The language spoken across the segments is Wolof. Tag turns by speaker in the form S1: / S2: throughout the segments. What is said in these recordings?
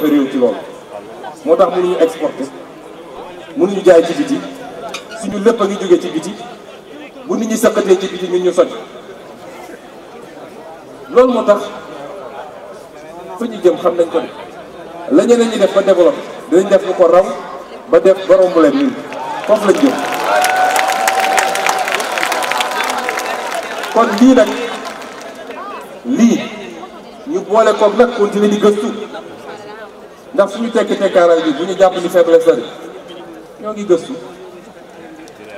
S1: réew ci loolu moo tax mënuñu exporter ñu jaay ci biti suñu lépp a ngi jógee ci biti bu nit ñi sëqatee ci biti ñun ñu soj loolu moo tax fu ñu jëm xam nañ ko ne la ñeneen ñu def ba développé dinañ def lu ko raw ba def ba romb leen ñun foofu lañ jëm kon lii nag lii ñu boole koog nag continuer di gëstu ndax suñu tekk tekkaaral bi bu ñu jàpp ni faiblesse la ñoo ngi gëstu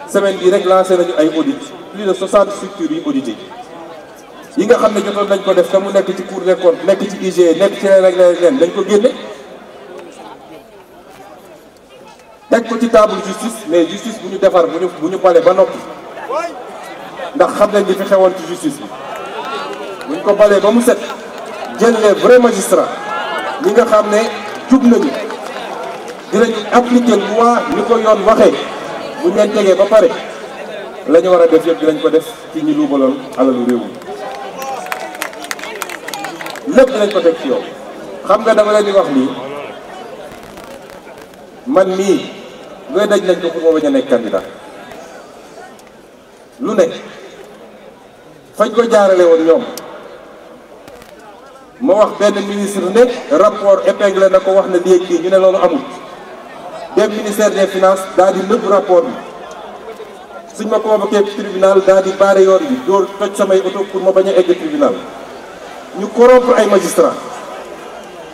S1: semaine bi rek lancé nañu ay audit plus de 60 structures yu audité yi nga xam ne jotoon nañ ko def te mu nekk ci cour des comptes nekk ci IG e, nekk ci leen ak leen dañ ko génne teg ko ci table justice mais justice bu ñu defar bu ñu bu ñu bale ba noppi ndax xam nañ li fi xewoon ci justice bi bu ñu ko balee ba mu set jël les vrais magistrats nga xam ne jug nañu dinañu appliquer loi ko yoon waxee bu ñu leen ba pare la ñu war a def ko def ci ñi luubaloon alalu réew mi lépp ko teg ci yow xam nga dama leen di wax nii man mii looy daj nañ ko pour ma bañ lu nekk fañ ko jaarale woon ñoom ma wax benn ministre ne rapport épinglé na ko wax na léegi kii ñu ne loolu amul dem ministère des finance daa di nëbb rapport bi suñ ma convoqué tribunal daa di baare yoon bi dóor toj samay oto pour ma bañ a egg tribunal ñu corrompre ay magistrats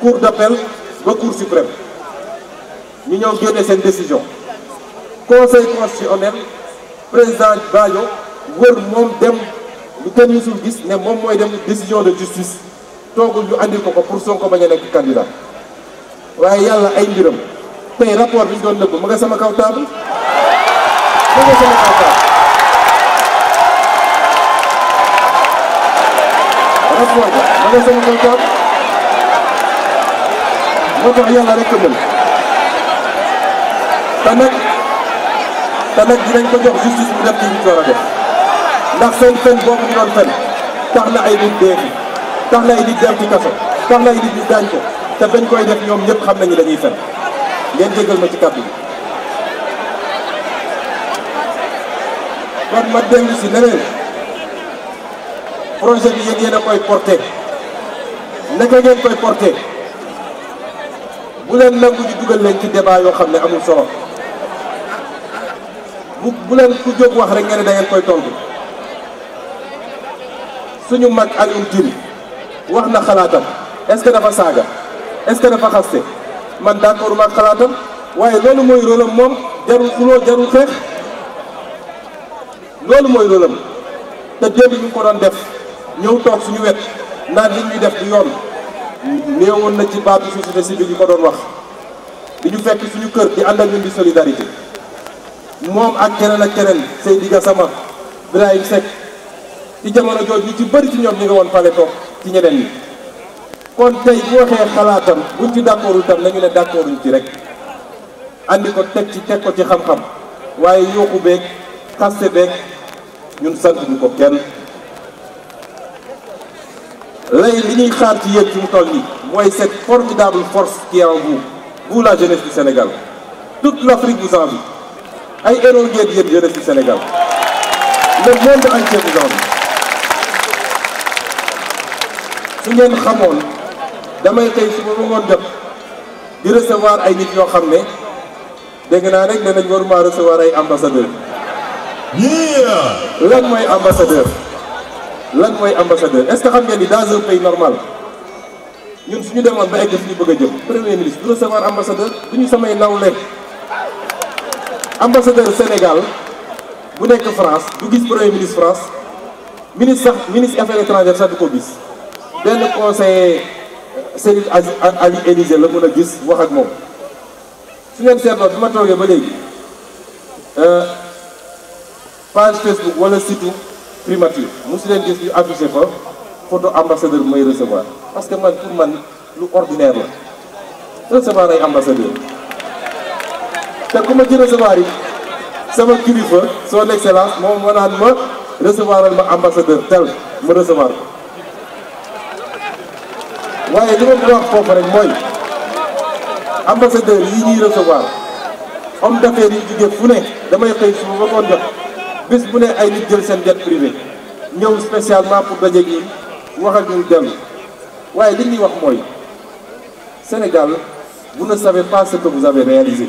S1: cour d'appel ba cour suprême ñu ñëw génne seen décision conseil constitutionnel président Badio wër moom dem lu kenn musul gis ne moom mooy dem décision de justice toogul ñu andi ko ko pour ko bañ a nekk candidat waaye yàlla ay mbiram tey rapport bi doon nëbb mu nga sama kaw mu nga sama kaw table rapport bi mu nga sama kaw table moo tax yàlla rek ko mën te nag te ko jox justice bu def li ñu war a def ndax seen fen boobu ñu doon fen tax na ay nit dee tax lay di dem ci kaso tax lay di daañ ko te bañ koy def ñoom ñëpp xam nañu dañuy fen ngeen jégal ma ci kàddu bi kon ma dellu si leneen projet bi yéen yéen koy porté naka ngeen koy porté bu leen nangu ñu dugal leen ci debaa yoo xam ne amul solo bu bu leen ku jóg wax rek ngeen ne da ngeen koy tontu suñu mag Alioune Tine wax na xalaatam est-ce que dafa saaga est-ce que dafa xaste man d'accord ma xalaatam waaye loolu mooy rôlam moom jarul xuloo jarul xeex loolu mooy rôlam te démb ñu ko doon def ñëw toog suñu wet naan li ñuy def ci yoon néewoon na ci baatu société civile bi ñu ko doon wax di ñu fekk suñu kër di ànd ak ñun di solidarité moom ak keneen ak keneen Seydi Gassama Birahim Seck ci jamono jooju ñu ci bëri ci ñoom ñi nga woon fale toog ci ñeneen ñi kon tey bu waxee xalaatam buñ ci d'accordul tam nañu ne d'accorduñ ci rek andi ko teg ci teg ko ci xam-xam waaye yooxu beeg xaste beeg ñun sant ñu ko kenn lay li ñuy xaar ci yéen ci mu toll nii mooy set formidable force qui est en vous vous la jeunesse du Sénégal toute l'Afrique vous envie ay héros ngeen yéen jeunesse du Sénégal le monde entier vous envie su ngeen xamoon damay tey suba ba ngoon jot di recevoir ay nit yoo xam ne dégg naa rek danañ waruma recevoir ay ambassadeur lan mooy ambassadeur lan mooy ambassadeur est-ce que xam ngeen ni dans un pays normal ñun suñu demoon ba egg suñu bëgg a jëm premier ministre du recevoir ambassadeur du ñu samay nawle ambassadeur Sénégal bu nekk France du gis premier ministre France ministre sax ministre affaires étrangères sax du ko gis benn conseiller Serigne Ali Élysée la mën a gis wax ak moom su ngeen seetloo bi ma toogee ba léegi euh, page Facebook wala site primature mosu leen gis ñu affiché fa photo ambassadeur mooy recevoir parce que man pour man lu ordinaire la recevoir ay ambassadeur te ku ma ci recevoir yi sama kilifa son excellence moom moo naan ma recevoiral ma ambassadeur tel ma recevoir waaye li ma bëgg a wax foofu mooy ambassadeur yi ñuy recevoir homme d'affaires yi jóge fu ne damay xëy suba ba koon jot bis bu ne ay nit jël seen jet privé ñëw spécialement pour dajeeg ñun wax ak ñun dellu waaye li ñuy wax mooy Sénégal vous ne savez pas ce que vous avez réalisé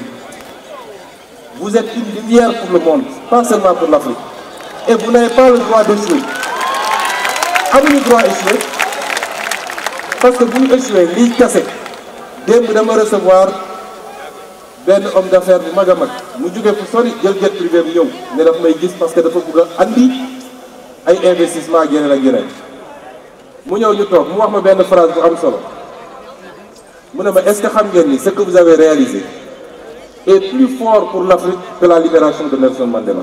S1: vous êtes pour le monde pas seulement pour l'Afrique et vous n'avez pas le droit d'échouer amuñu parce que bu ñu échoué lii kase démb dama recevoir benn homme d'affaires bu mag a mag mu jógee fu sori jël jet privé bi ñëw ne daf may gis parce que dafa bëgg a ay investissement ak yeneen ak yeneen mu ñëw ñu toog mu wax ma benn phrase bu am solo mu ne ma est xam ngeen ni ce que vous avez réalisé est plus fort pour l'Afrique que la libération de Nelson Mandela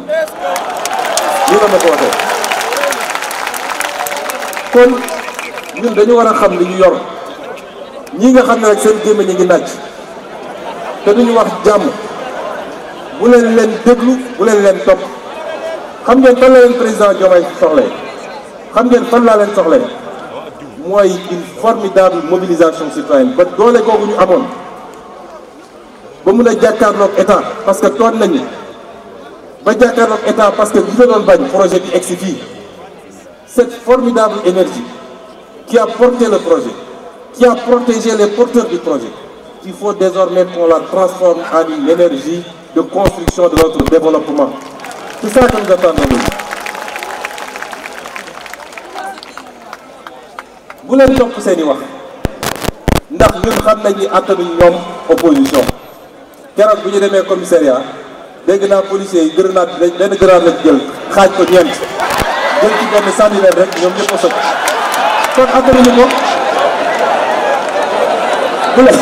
S1: lii la ma ko ñun dañu war a xam li ñu yor ñii nga xam ne rek seen gémmiñ ñi ngi nàcc te duñu wax jàmm bu leen leen déglu bu leen leen topp xam ngeen fan la leen président Diomaye soxle xam ngeen fan laa leen soxlee mooy une formidable mobilisation citoyenne ba doole kooku ñu amoon ba mun a jàkkaarloog état parce que toon nañu ba jàkkaarloog état parce que ñu doon bañ projet bi egsi fii cette formidable énergie qui a porté le projet, qui a protégé les porteurs du projet. Il faut désormais qu'on la transforme en une énergie de construction de notre développement. C'est ça que nous attendons. bu leen topp seeni wax ndax ñun xam nañ ni attanuñ ñoom opposition keroog bu ñu demee commissariat dégg naa policiers yi grenade benn grenade lañ jël xaaj ko ñeent jël ci benn sànni leen rek ñoom ñëpp a sëkk kon affaire yi moom bu la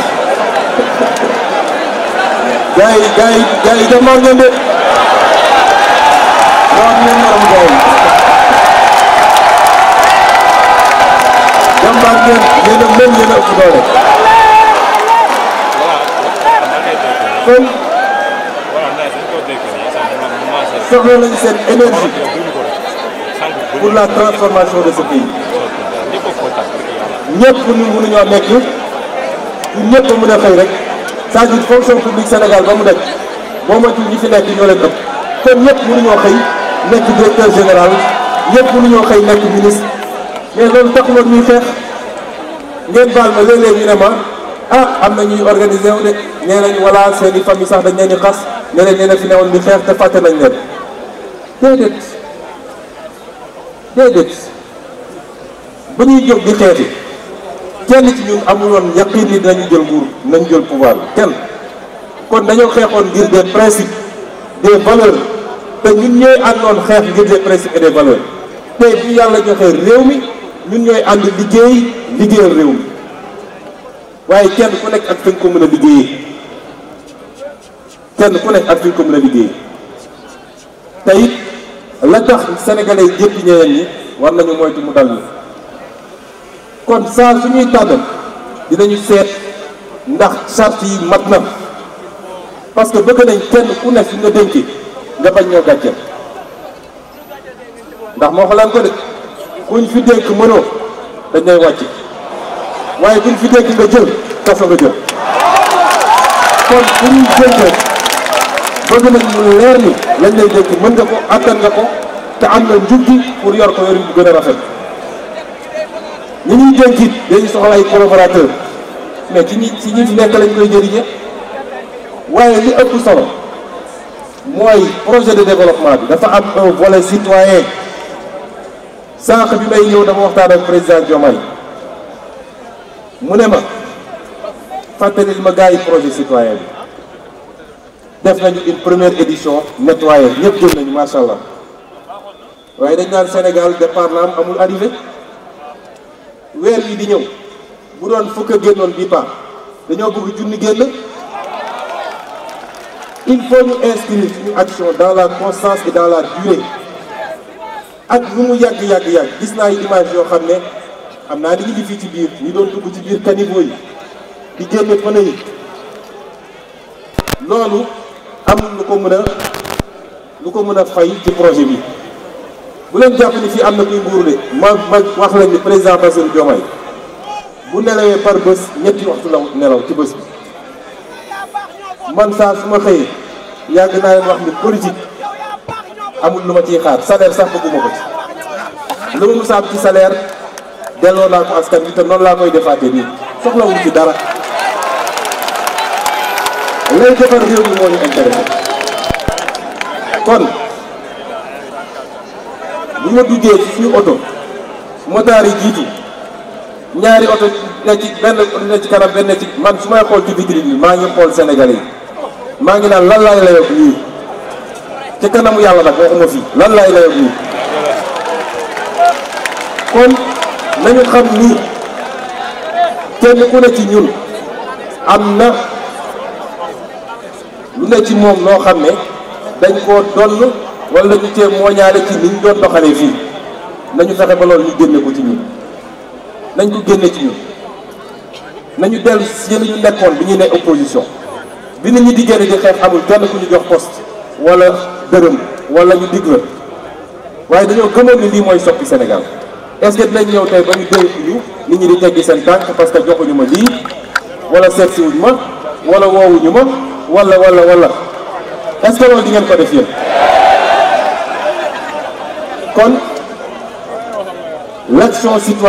S1: gars yi gars yi gars yi jàmbaar ngeen de waaw ngeen maram booy jàmbaar ngeen yéen a mën yéen a ëpp doole kon soxla nañu seen énergie pour la transformation de ce pays ñëpp ñu mënuñoo nekk ñëpp mu a xëy rek c'est-à-dire fonction publique Sénégal ba mu nekk boo moytuwul ñi fi nekk ñoo leen ëpp kon ñëpp mënuñoo xëy nekk général ñëpp mënuñoo xëy nekk ministre mais loolu taxuloon ñuy xeex ngeen baal ma léeg-léeg ñu ne ma ah am na ñuy organiser wu de nee nañ wala seen famille sax dañ leen di xas ne leen nee ne fi newoon di xeex te fàtte nañ leen déedéet déedéet ba ñuy jóg di xeeti kenn ci ñun amuloon yaqin ni dañu jël nguur nañ jël pouvoir kenn kon dañoo xeexoon ngir des principes des valeurs te ñun ñooy àndoon xeex ngir des principes et des valeurs tey yàlla joxe réew mi ñun ñooy ànd liggéey liggéeyal réew mi waaye kenn ku nekk ak fi ko mën a liggéeyee kenn ku nekk ak fi nga ko mën a liggéeyee tey la tax sénégalais yëpp ñeneen ñi war nañu moytu mu dal ñu kon saa suñuy tànn dinañu seet ndax charte yi mat na parce que bëgg nañ kenn ku ne nga dénki nga bañ ñoo gàcceel ndax moo xalaan ko de ñu fi dénk mënoo dañ lay wàcc waaye kuñ fi dénk nga jël kaso nga jël kon bu ñuy dénkee bëgg nañ leer ni lañ lay dénk mën nga ko attan nga ko te am na njub pour yor ko yorin bu gën a rafet ñi ñuy dénkit dañuy soxla ay collaborateur mais ci ñi ci ñi fi nekk lañu koy jëriñe waaye li ëpp solo mooy projet de développement bi dafa am un volet citoyen sànq bi may ñëw dama waxtaan ak président Diomaye mu ne ma fàttalil ma gars yi projet citoyen bi def nañu une première édition nettoyée ñëpp jël nañu macha allah waaye dañ naan Sénégal départ la amul arrivé weer yi di ñëw bu doon fukk a génnoon bii dañoo bëgg junni génn il faut ñu inscrire suñu action dans la constance et dans la durée ak lu mu yàgg yàgg yàgg gis naa ay image yoo xam ne am naa ni fii ci biir ñu doon dugg ci biir caniveau yi di génne pneu yi loolu am lu ko mën a lu ko mën a fay ci projet bi bu leen jàpp ni fii am na kuy nguur de ma ma wax lañ ni président Bassirou Diomaye bu nelawee par bés ñetti waxtu la nelaw ci bés bi man saa suma ma xëyee yàgg naa leen wax ni politique amul lu ma ciy xaar salaire sax bëgguma ko ci lu ma musaab ci salaire delloo naa ko askan bi te noonu laa koy defaatee nii soxlawul ci dara lay defar réew mi moo ñu intéressé kon bu ma duggee ci suñu oto motaar jiitu ñaari oto ne ci benn ne kanam benn ci man su xool ci vitrine bi maa ngi xool senegal yi maa ngi naan lan laay layoog lii te kanamu yàlla nag waxuma fii lan laay layoog lii kon nañu xam ni kenn ku ne ci ñun am na lu ne ci moom loo xam ne dañ koo donn wala ñu cee mooñaale ci ni ñu doon doxalee fii nañu fexe ba loolu ñu génne ko ci ñun nañ ko génne ci nañu dellu si yéen ñu nekkoon bi ñu ne opposition bi nit ñi di génne di xeex amul kenn ku ñu jox poste wala dërëm wala ñu dig la waaye dañoo gëmoon ni lii mooy soppi Sénégal est-ce que dinañ ñëw tey ba ñu dégg nit ñi di teggi seen tànk parce que joxuñu ma lii wala si wuñ ma wala woowuñu ma walla wala wala est-ce que ngeen ko def yéen. kon l'action citoyenne